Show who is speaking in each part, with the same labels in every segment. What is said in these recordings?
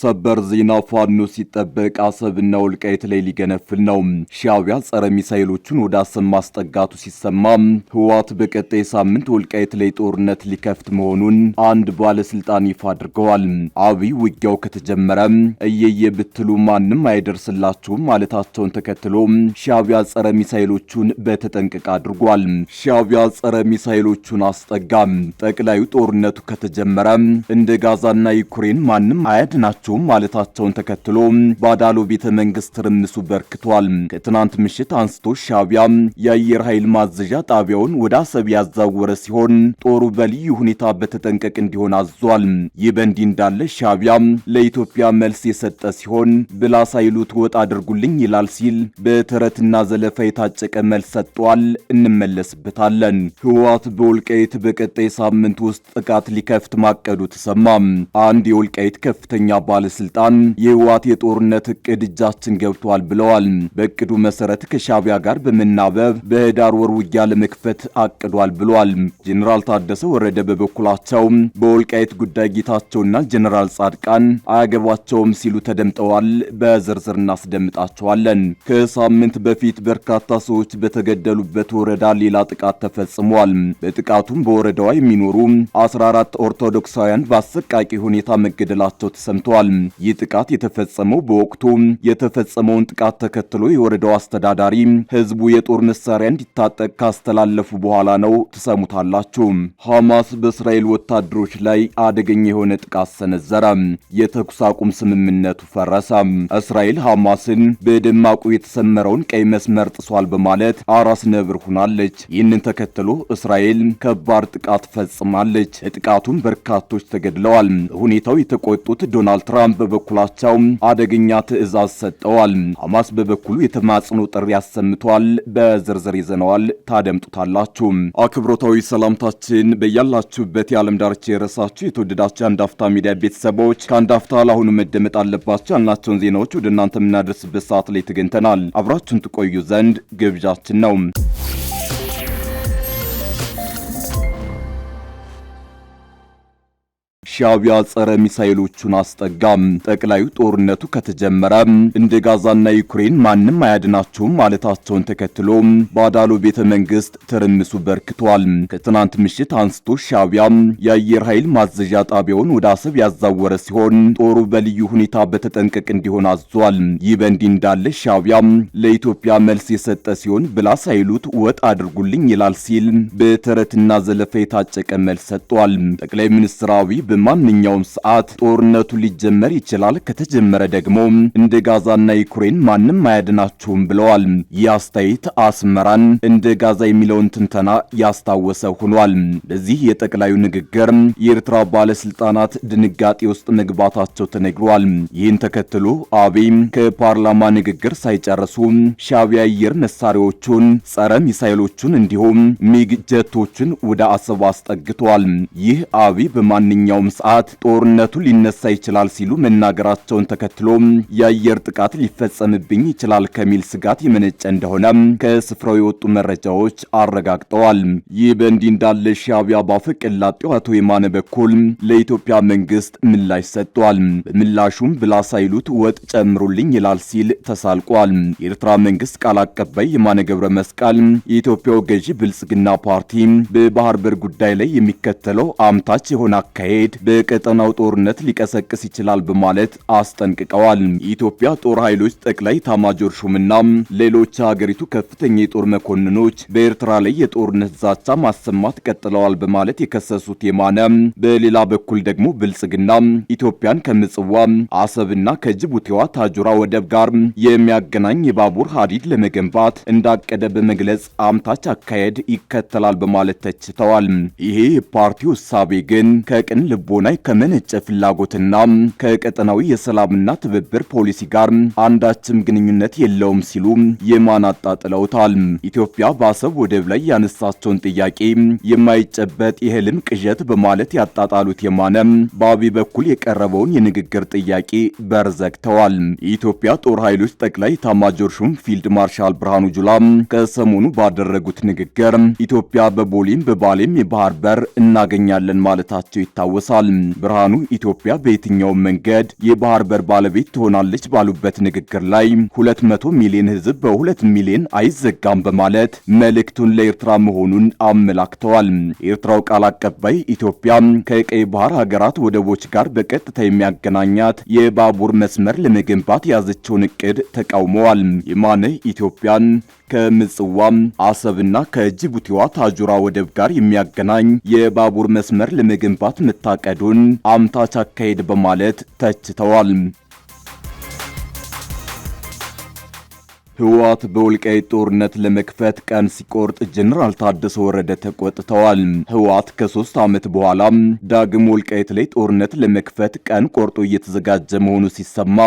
Speaker 1: ሰበር ዜና ፋኖ ሲጠበቅ አሰብና ወልቃይት ላይ ሊገነፍል ነው። ሻዕቢያ ጸረ ሚሳይሎቹን ወደ አሰብ ማስጠጋቱ ሲሰማ ህወሓት በቀጣይ ሳምንት ወልቃይት ላይ ጦርነት ሊከፍት መሆኑን አንድ ባለስልጣን ይፋ አድርገዋል። አብይ ውጊያው ከተጀመረ እየየ ብትሉ ማንም አይደርስላችሁም ማለታቸውን ተከትሎ ሻዕቢያ ጸረ ሚሳይሎቹን በተጠንቀቅ አድርጓል። ሻዕቢያ ጸረ ሚሳይሎቹን አስጠጋ። ጠቅላዩ ጦርነቱ ከተጀመረ እንደ ጋዛና ዩክሬን ማንም አያድናቸው አልሰማችሁም ማለታቸውን ተከትሎ በአዳሎ ቤተ መንግስት ትርምሱ በርክቷል። ከትናንት ምሽት አንስቶ ሻቢያ የአየር ኃይል ማዘዣ ጣቢያውን ወደ አሰብ ያዛወረ ሲሆን ጦሩ በልዩ ሁኔታ በተጠንቀቅ እንዲሆን አዟል። ይህ በእንዲህ እንዳለ ሻቢያ ለኢትዮጵያ መልስ የሰጠ ሲሆን ብላ ሳይሉት ወጥ አድርጉልኝ ይላል ሲል በተረትና ዘለፋ የታጨቀ መልስ ሰጥቷል። እንመለስበታለን። ህወሓት በወልቃይት በቀጣይ ሳምንት ውስጥ ጥቃት ሊከፍት ማቀዱ ተሰማ። አንድ የወልቃይት ከፍተኛ ባለስልጣን የህወሓት የጦርነት እቅድ እጃችን ገብቷል ብለዋል። በእቅዱ መሰረት ከሻቢያ ጋር በመናበብ በህዳር ወር ውጊያ ለመክፈት አቅዷል ብለዋል። ጄኔራል ታደሰ ወረደ በበኩላቸው በወልቃይት ጉዳይ ጌታቸውና ጄኔራል ጻድቃን አያገባቸውም ሲሉ ተደምጠዋል። በዝርዝር እናስደምጣቸዋለን። ከሳምንት በፊት በርካታ ሰዎች በተገደሉበት ወረዳ ሌላ ጥቃት ተፈጽሟል። በጥቃቱም በወረዳዋ የሚኖሩ 14 ኦርቶዶክሳውያን በአሰቃቂ ሁኔታ መገደላቸው ተሰምተዋል። ተናግረዋል። ይህ ጥቃት የተፈጸመው በወቅቱ የተፈጸመውን ጥቃት ተከትሎ የወረዳው አስተዳዳሪ ህዝቡ የጦር መሳሪያ እንዲታጠቅ ካስተላለፉ በኋላ ነው። ትሰሙታላችሁ። ሐማስ በእስራኤል ወታደሮች ላይ አደገኛ የሆነ ጥቃት ሰነዘረ። የተኩስ አቁም ስምምነቱ ፈረሰ። እስራኤል ሐማስን በደማቁ የተሰመረውን ቀይ መስመር ጥሷል በማለት አራስ ነብር ሆናለች። ይህንን ተከትሎ እስራኤል ከባድ ጥቃት ፈጽማለች። ጥቃቱም በርካቶች ተገድለዋል። ሁኔታው የተቆጡት ዶናልድ ትራምፕ በበኩላቸው አደገኛ ትዕዛዝ ሰጠዋል። ሐማስ በበኩሉ የተማጽኖ ጥሪ አሰምቷል። በዝርዝር ይዘነዋል፣ ታደምጡታላችሁ። አክብሮታዊ ሰላምታችን በያላችሁበት የዓለም ዳርቻ የረሳችሁ የተወደዳችሁ አንዳፍታ ሚዲያ ቤተሰቦች ከአንዳፍታ ለአሁኑ መደመጥ አለባቸው ያልናቸውን ዜናዎች ወደ እናንተ የምናደርስበት ሰዓት ላይ ተገኝተናል። አብራችሁን ትቆዩ ዘንድ ግብዣችን ነው። ሻቢያ ጸረ ሚሳይሎቹን አስጠጋም። ጠቅላዩ ጦርነቱ ከተጀመረ እንደ ጋዛና ዩክሬን ማንም አያድናቸውም ማለታቸውን ተከትሎ በአዳሎ ቤተ መንግስት ትርምሱ በርክቷል። ከትናንት ምሽት አንስቶ ሻቢያ የአየር ኃይል ማዘዣ ጣቢያውን ወደ አሰብ ያዛወረ ሲሆን ጦሩ በልዩ ሁኔታ በተጠንቀቅ እንዲሆን አዟል። ይህ በእንዲህ እንዳለ ሻቢያ ለኢትዮጵያ መልስ የሰጠ ሲሆን ብላ ሳይሉት ወጥ አድርጉልኝ ይላል ሲል በተረትና ዘለፈ የታጨቀ መልስ ሰጥቷል። ጠቅላይ ሚኒስትር አብይ በማንኛውም ሰዓት ጦርነቱ ሊጀመር ይችላል። ከተጀመረ ደግሞ እንደ ጋዛና ዩክሬን ማንም አያድናችሁም ብለዋል። ይህ አስተያየት አስመራን እንደ ጋዛ የሚለውን ትንተና ያስታወሰ ሆኗል። በዚህ የጠቅላዩ ንግግር የኤርትራ ባለስልጣናት ድንጋጤ ውስጥ መግባታቸው ተነግሯል። ይህን ተከትሎ አቤ ከፓርላማ ንግግር ሳይጨርሱ ሻቢያ አየር መሳሪያዎቹን፣ ጸረ ሚሳይሎቹን እንዲሁም ሚግ ጀቶችን ወደ አሰብ አስጠግተዋል። ይህ አቤ በማንኛውም ሰዓት ጦርነቱ ሊነሳ ይችላል ሲሉ መናገራቸውን ተከትሎ የአየር ጥቃት ሊፈጸምብኝ ይችላል ከሚል ስጋት የመነጨ እንደሆነ ከስፍራው የወጡ መረጃዎች አረጋግጠዋል። ይህ በእንዲህ እንዳለ ሻቢያ በአፈቀላጤው አቶ የማነ በኩል ለኢትዮጵያ መንግስት ምላሽ ሰጥቷል። በምላሹም ብላ ሳይሉት ወጥ ጨምሩልኝ ይላል ሲል ተሳልቋል። የኤርትራ መንግስት ቃል አቀባይ የማነ ገብረ መስቀል የኢትዮጵያው ገዢ ብልጽግና ፓርቲ በባህር በር ጉዳይ ላይ የሚከተለው አምታች የሆነ አካሄድ በቀጠናው ጦርነት ሊቀሰቅስ ይችላል በማለት አስጠንቅቀዋል። የኢትዮጵያ ጦር ኃይሎች ጠቅላይ ታማጆር ሹምና ሌሎች ሀገሪቱ ከፍተኛ የጦር መኮንኖች በኤርትራ ላይ የጦርነት ዛቻ ማሰማት ቀጥለዋል በማለት የከሰሱት የማነ በሌላ በኩል ደግሞ ብልጽግና ኢትዮጵያን ከምጽዋ አሰብና ከጅቡቲዋ ታጁራ ወደብ ጋር የሚያገናኝ የባቡር ሀዲድ ለመገንባት እንዳቀደ በመግለጽ አምታች አካሄድ ይከተላል በማለት ተችተዋል። ይሄ የፓርቲው እሳቤ ግን ከቅን ልቦ ልቦና ከመነጨ ፍላጎትና ከቀጠናዊ የሰላምና ትብብር ፖሊሲ ጋር አንዳችም ግንኙነት የለውም ሲሉ የማን አጣጥለውታል። ኢትዮጵያ በአሰብ ወደብ ላይ ያነሳቸውን ጥያቄ የማይጨበጥ የህልም ቅዠት በማለት ያጣጣሉት የማነ በአብይ በኩል የቀረበውን የንግግር ጥያቄ በር ዘግተዋል። የኢትዮጵያ ጦር ኃይሎች ጠቅላይ ኤታማዦር ሹም ፊልድ ማርሻል ብርሃኑ ጁላ ከሰሞኑ ባደረጉት ንግግር ኢትዮጵያ በቦሌም በባሌም የባህር በር እናገኛለን ማለታቸው ይታወሳል። ተናግረዋል። ብርሃኑ ኢትዮጵያ በየትኛውም መንገድ የባህር በር ባለቤት ትሆናለች ባሉበት ንግግር ላይ 200 ሚሊዮን ሕዝብ በሁለት ሚሊዮን አይዘጋም በማለት መልእክቱን ለኤርትራ መሆኑን አመላክተዋል። የኤርትራው ቃል አቀባይ ኢትዮጵያ ከቀይ ባህር ሀገራት ወደቦች ጋር በቀጥታ የሚያገናኛት የባቡር መስመር ለመገንባት የያዘችውን እቅድ ተቃውመዋል። የማነ ኢትዮጵያን ከምጽዋም አሰብና ከጅቡቲዋ ታጁራ ወደብ ጋር የሚያገናኝ የባቡር መስመር ለመገንባት መታቀድ መንገዱን አምታች አካሄድ በማለት ተችተዋል። ህወሓት በወልቃይት ጦርነት ለመክፈት ቀን ሲቆርጥ ጀነራል ታደሰ ወረደ ተቆጥተዋል። ህወሓት ከሶስት ዓመት በኋላ ዳግም ወልቃይት ላይ ጦርነት ለመክፈት ቀን ቆርጦ እየተዘጋጀ መሆኑ ሲሰማ፣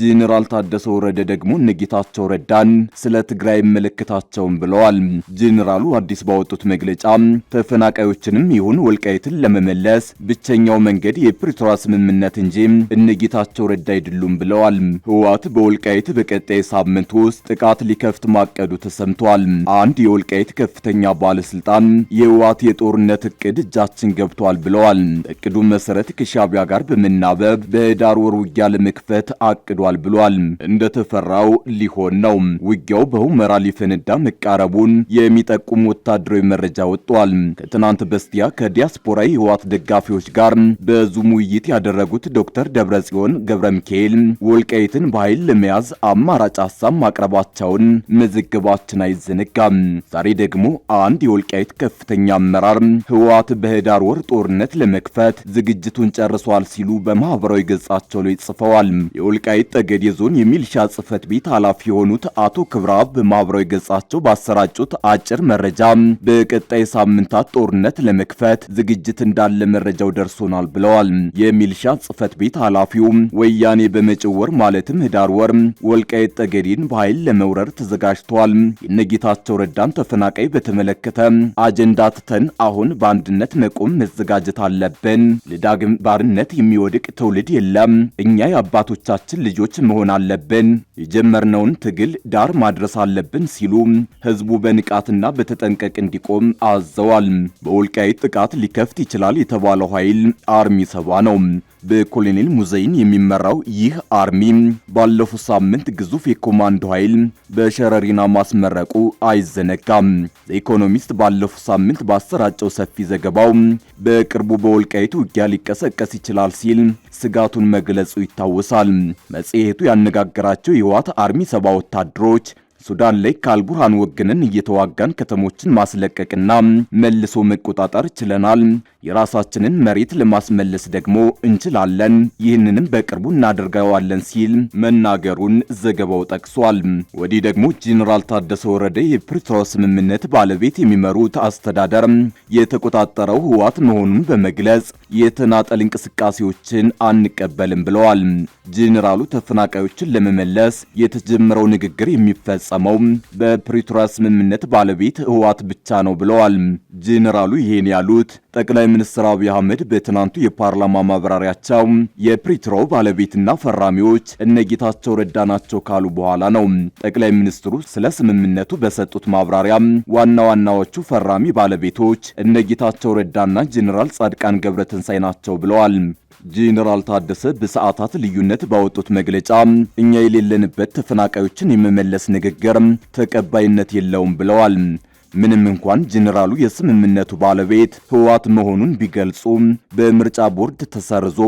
Speaker 1: ጀኔራል ታደሰ ወረደ ደግሞ ንግታቸው ረዳን ስለ ትግራይ መለከታቸውን ብለዋል። ጀኔራሉ አዲስ ባወጡት መግለጫ ተፈናቃዮችንም ይሁን ወልቃይትን ለመመለስ ብቸኛው መንገድ የፕሪቶሪያ ስምምነት እንጂ እነጌታቸው ረዳ አይደሉም ብለዋል። ህወሓት በወልቃይት በቀጣይ ሳምንት ውስጥ ጥቃት ሊከፍት ማቀዱ ተሰምቷል። አንድ የወልቃይት ከፍተኛ ባለስልጣን የህወሓት የጦርነት እቅድ እጃችን ገብቷል ብለዋል። እቅዱ መሰረት ከሻቢያ ጋር በመናበብ በህዳር ወር ውጊያ ለመክፈት አቅዷል ብሏል። እንደተፈራው ሊሆን ነው። ውጊያው በሁመራ ሊፈነዳ መቃረቡን የሚጠቁም ወታደራዊ መረጃ ወጥቷል። ከትናንት በስቲያ ከዲያስፖራ የህወሓት ደጋፊዎች ጋር በዙም ውይይት ያደረጉት ዶክተር ደብረጽዮን ገብረ ሚካኤል ወልቃይትን በኃይል ለመያዝ አማራጭ ሀሳብ ማቅረባ መሆናቸውን መዘገባችን አይዘነጋም። ዛሬ ደግሞ አንድ የወልቃይት ከፍተኛ አመራር ህወሓት በህዳር ወር ጦርነት ለመክፈት ዝግጅቱን ጨርሷል ሲሉ በማህበራዊ ገጻቸው ላይ ጽፈዋል። የወልቃይት ጠገዴ ዞን የሚልሻ ጽህፈት ቤት ኃላፊ የሆኑት አቶ ክብራብ በማህበራዊ ገጻቸው ባሰራጩት አጭር መረጃ በቀጣይ ሳምንታት ጦርነት ለመክፈት ዝግጅት እንዳለ መረጃው ደርሶናል ብለዋል። የሚልሻ ጽህፈት ቤት ኃላፊው ወያኔ በመጭወር ማለትም ህዳር ወር ወልቃይት ጠገዴን በኃይል ለመውረር ተዘጋጅተዋል። የነጌታቸው ረዳን ተፈናቃይ በተመለከተ አጀንዳ ትተን አሁን በአንድነት መቆም መዘጋጀት አለብን። ለዳግም ባርነት የሚወድቅ ትውልድ የለም። እኛ የአባቶቻችን ልጆች መሆን አለብን። የጀመርነውን ትግል ዳር ማድረስ አለብን ሲሉ ህዝቡ በንቃትና በተጠንቀቅ እንዲቆም አዘዋል። በወልቃይት ጥቃት ሊከፍት ይችላል የተባለው ኃይል አርሚ ሰባ ነው። በኮሎኔል ሙዘይን የሚመራው ይህ አርሚ ባለፉት ሳምንት ግዙፍ የኮማንዶ ኃይል በሸረሪና ማስመረቁ አይዘነጋም። ለኢኮኖሚስት ባለፉት ሳምንት ባሰራጨው ሰፊ ዘገባው በቅርቡ በወልቃይቱ ውጊያ ሊቀሰቀስ ይችላል ሲል ስጋቱን መግለጹ ይታወሳል። መጽሔቱ ያነጋገራቸው የህወሓት አርሚ ሰባ ወታደሮች ሱዳን ላይ ከአልቡርሃን ወገንን እየተዋጋን ከተሞችን ማስለቀቅና መልሶ መቆጣጠር ችለናል። የራሳችንን መሬት ለማስመለስ ደግሞ እንችላለን። ይህንንም በቅርቡ እናደርገዋለን ሲል መናገሩን ዘገባው ጠቅሷል። ወዲህ ደግሞ ጄኔራል ታደሰ ወረደ የፕሪቶሪያው ስምምነት ባለቤት የሚመሩት አስተዳደር የተቆጣጠረው ህዋት መሆኑን በመግለጽ የተናጠል እንቅስቃሴዎችን አንቀበልም ብለዋል። ጄኔራሉ ተፈናቃዮችን ለመመለስ የተጀመረው ንግግር የሚፈጸም የሚፈጸመው በፕሪቶሪያ ስምምነት ባለቤት ህወሓት ብቻ ነው ብለዋል። ጄኔራሉ ይሄን ያሉት ጠቅላይ ሚኒስትር አብይ አህመድ በትናንቱ የፓርላማ ማብራሪያቸው የፕሪትሮ ባለቤትና ፈራሚዎች እነጌታቸው ረዳ ናቸው ካሉ በኋላ ነው። ጠቅላይ ሚኒስትሩ ስለ ስምምነቱ በሰጡት ማብራሪያ ዋና ዋናዎቹ ፈራሚ ባለቤቶች እነጌታቸው ረዳና ጄኔራል ጻድቃን ገብረትንሳይ ናቸው ብለዋል። ጄኔራል ታደሰ በሰዓታት ልዩነት ባወጡት መግለጫ እኛ የሌለንበት ተፈናቃዮችን የመመለስ ንግግር ተቀባይነት የለውም ብለዋል። ምንም እንኳን ጄኔራሉ የስምምነቱ ባለቤት ህወሓት መሆኑን ቢገልጹም በምርጫ ቦርድ ተሰርዞ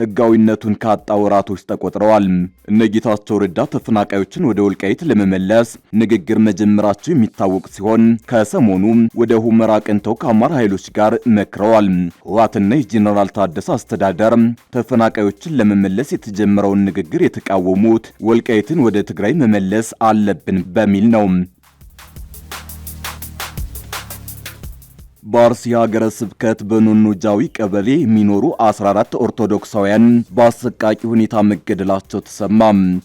Speaker 1: ህጋዊነቱን ካጣ ወራቶች ተቆጥረዋል። እነ ጌታቸው ረዳ ተፈናቃዮችን ወደ ወልቃይት ለመመለስ ንግግር መጀመራቸው የሚታወቅ ሲሆን ከሰሞኑ ወደ ሁመራ ቅንተው ከአማራ ኃይሎች ጋር መክረዋል። ህወሓትና የጄኔራል ታደሰ አስተዳደር ተፈናቃዮችን ለመመለስ የተጀመረውን ንግግር የተቃወሙት ወልቃይትን ወደ ትግራይ መመለስ አለብን በሚል ነው። በአርሲ ሀገረ ስብከት በኖኖ ጃዊ ቀበሌ የሚኖሩ 14 ኦርቶዶክሳውያን በአሰቃቂ ሁኔታ መገደላቸው ተሰማ።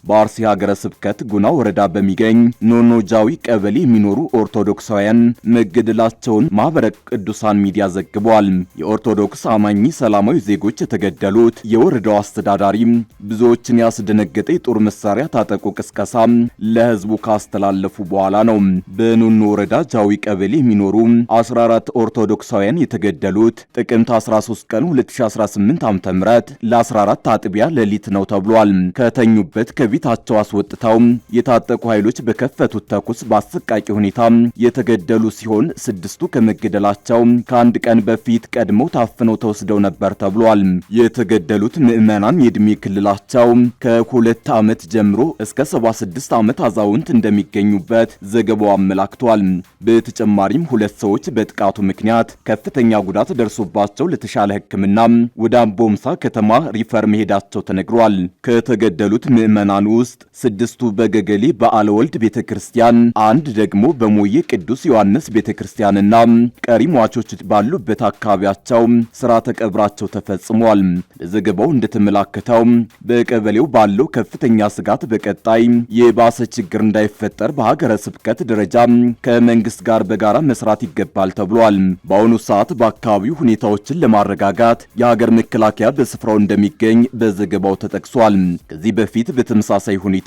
Speaker 1: በአርሲ ሀገረ ስብከት ጉና ወረዳ በሚገኝ ኖኖ ጃዊ ቀበሌ የሚኖሩ ኦርቶዶክሳውያን መገደላቸውን ማህበረ ቅዱሳን ሚዲያ ዘግቧል። የኦርቶዶክስ አማኝ ሰላማዊ ዜጎች የተገደሉት የወረዳው አስተዳዳሪ ብዙዎችን ያስደነገጠ የጦር መሳሪያ ታጠቁ ቅስቀሳ ለህዝቡ ካስተላለፉ በኋላ ነው። በኑኑ ወረዳ ጃዊ ቀበሌ የሚኖሩ 14 ኦርቶዶክሳውያን የተገደሉት ጥቅምት 13 ቀን 2018 ዓ.ም ለ14 አጥቢያ ሌሊት ነው ተብሏል። ከተኙበት ከቤታቸው አስወጥተው የታጠቁ ኃይሎች በከፈቱት ተኩስ በአሰቃቂ ሁኔታ የተገደሉ ሲሆን ስድስቱ ከመገደላቸው ከአንድ ቀን በፊት ቀድመው ታፍነው ተወስደው ነበር ተብሏል። የተገደሉት ምዕመናን የዕድሜ ክልላቸው ከሁለት ዓመት ጀምሮ እስከ 76 ዓመት አዛውንት እንደሚገኙበት ዘገባው አመላክቷል። በተጨማሪም ሁለት ሰዎች በጥቃቱ ምክንያት ከፍተኛ ጉዳት ደርሶባቸው ለተሻለ ሕክምና ወደ አምቦምሳ ከተማ ሪፈር መሄዳቸው ተነግሯል። ከተገደሉት ምዕመናን ውስጥ ስድስቱ በገገሌ በዓለ ወልድ ቤተ ክርስቲያን፣ አንድ ደግሞ በሞዬ ቅዱስ ዮሐንስ ቤተ ክርስቲያንና ቀሪ ሟቾች ባሉበት አካባቢያቸው ስርዓተ ቀብራቸው ተፈጽሟል። ለዘገባው እንደተመላከተው በቀበሌው ባለው ከፍተኛ ስጋት በቀጣይ የባሰ ችግር እንዳይፈጠር በሀገረ ስብከት ደረጃ ከመንግስት ጋር በጋራ መስራት ይገባል ተብሏል። በአሁኑ ሰዓት በአካባቢው ሁኔታዎችን ለማረጋጋት የሀገር መከላከያ በስፍራው እንደሚገኝ በዘገባው ተጠቅሷል። ከዚህ በፊት በተመሳሳይ ሁኔታ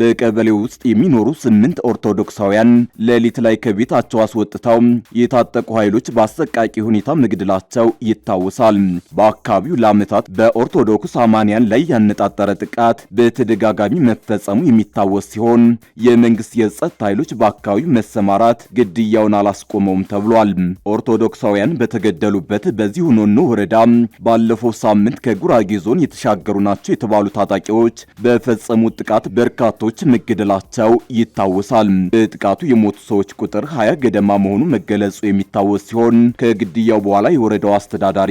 Speaker 1: በቀበሌ ውስጥ የሚኖሩ ስምንት ኦርቶዶክሳውያን ሌሊት ላይ ከቤታቸው አስወጥተው የታጠቁ ኃይሎች በአሰቃቂ ሁኔታ መግደላቸው ይታወሳል። በአካባቢው ለዓመታት በኦርቶዶክስ አማንያን ላይ ያነጣጠረ ጥቃት በተደጋጋሚ መፈጸሙ የሚታወስ ሲሆን የመንግስት የጸጥታ ኃይሎች በአካባቢው መሰማራት ግድያውን አላስቆመውም ተብሏል። ኦርቶዶክሳውያን በተገደሉበት በዚሁ ኖኖ ወረዳ ባለፈው ሳምንት ከጉራጌ ዞን የተሻገሩ ናቸው የተባሉ ታጣቂዎች በፈጸሙት ጥቃት በርካቶች መገደላቸው ይታወሳል። በጥቃቱ የሞቱ ሰዎች ቁጥር ሀያ ገደማ መሆኑ መገለጹ የሚታወስ ሲሆን ከግድያው በኋላ የወረዳው አስተዳዳሪ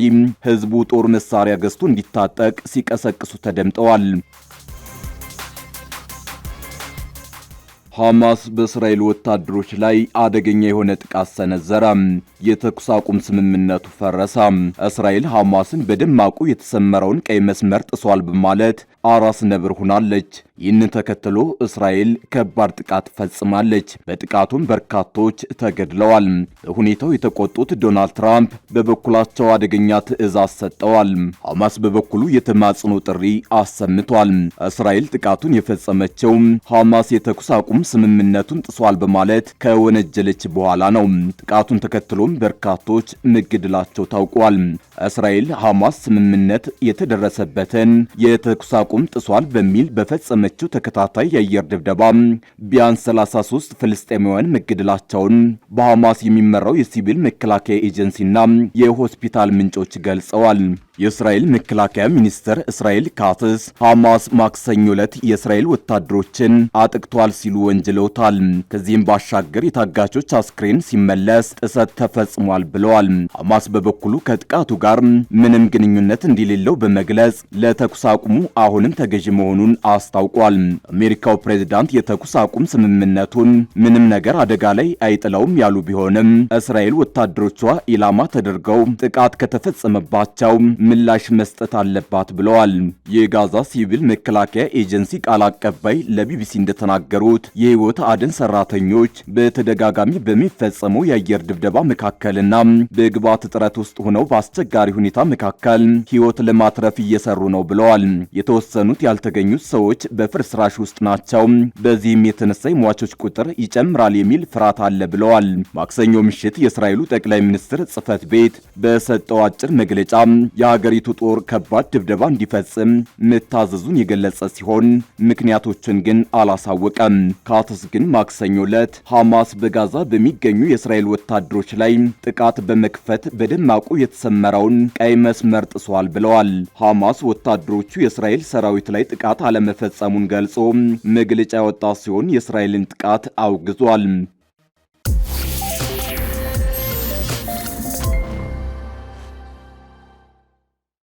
Speaker 1: ህዝቡ ጦር መሳሪያ ገዝቶ እንዲታጠቅ ሲቀሰቅሱ ተደምጠዋል። ሐማስ በእስራኤል ወታደሮች ላይ አደገኛ የሆነ ጥቃት ሰነዘረ። የተኩስ አቁም ስምምነቱ ፈረሰ። እስራኤል ሐማስን በደማቁ የተሰመረውን ቀይ መስመር ጥሷል በማለት አራስ ነብር ሆናለች። ይህንን ተከትሎ እስራኤል ከባድ ጥቃት ፈጽማለች። በጥቃቱም በርካቶች ተገድለዋል። በሁኔታው የተቆጡት ዶናልድ ትራምፕ በበኩላቸው አደገኛ ትዕዛዝ ሰጠዋል። ሐማስ በበኩሉ የተማጽኖ ጥሪ አሰምቷል። እስራኤል ጥቃቱን የፈጸመችው ሐማስ የተኩስ አቁም ስምምነቱን ጥሷል በማለት ከወነጀለች በኋላ ነው። ጥቃቱን ተከትሎም በርካቶች መገደላቸው ታውቋል። እስራኤል ሐማስ ስምምነት የተደረሰበትን የተኩስ አቁም ጥሷል በሚል በፈጸመ በሆነችው ተከታታይ የአየር ድብደባ ቢያንስ 33 ፍልስጤማውያን መገደላቸውን በሐማስ የሚመራው የሲቪል መከላከያ ኤጀንሲና የሆስፒታል ምንጮች ገልጸዋል። የእስራኤል መከላከያ ሚኒስትር እስራኤል ካትስ ሐማስ ማክሰኞ ዕለት የእስራኤል ወታደሮችን አጥቅቷል ሲሉ ወንጅለውታል። ከዚህም ባሻገር የታጋቾች አስክሬን ሲመለስ ጥሰት ተፈጽሟል ብለዋል። ሐማስ በበኩሉ ከጥቃቱ ጋር ምንም ግንኙነት እንደሌለው በመግለጽ ለተኩስ አቁሙ አሁንም ተገዥ መሆኑን አስታውቋል። አሜሪካው ፕሬዝዳንት የተኩስ አቁም ስምምነቱን ምንም ነገር አደጋ ላይ አይጥለውም ያሉ ቢሆንም እስራኤል ወታደሮቿ ኢላማ ተደርገው ጥቃት ከተፈጸመባቸው ምላሽ መስጠት አለባት ብለዋል። የጋዛ ሲቪል መከላከያ ኤጀንሲ ቃል አቀባይ ለቢቢሲ እንደተናገሩት የህይወት አድን ሰራተኞች በተደጋጋሚ በሚፈጸመው የአየር ድብደባ መካከልና በግብዓት እጥረት ውስጥ ሆነው በአስቸጋሪ ሁኔታ መካከል ህይወት ለማትረፍ እየሰሩ ነው ብለዋል። የተወሰኑት ያልተገኙት ሰዎች በፍርስራሽ ውስጥ ናቸው። በዚህም የተነሳ የሟቾች ቁጥር ይጨምራል የሚል ፍርሃት አለ ብለዋል። ማክሰኞ ምሽት የእስራኤሉ ጠቅላይ ሚኒስትር ጽህፈት ቤት በሰጠው አጭር መግለጫ የሀገሪቱ ጦር ከባድ ድብደባ እንዲፈጽም መታዘዙን የገለጸ ሲሆን ምክንያቶችን ግን አላሳወቀም። ካትስ ግን ማክሰኞ ዕለት ሐማስ በጋዛ በሚገኙ የእስራኤል ወታደሮች ላይ ጥቃት በመክፈት በደማቁ የተሰመረውን ቀይ መስመር ጥሷል ብለዋል። ሐማስ ወታደሮቹ የእስራኤል ሰራዊት ላይ ጥቃት አለመፈጸሙን ገልጾ መግለጫ ያወጣ ሲሆን የእስራኤልን ጥቃት አውግዟል።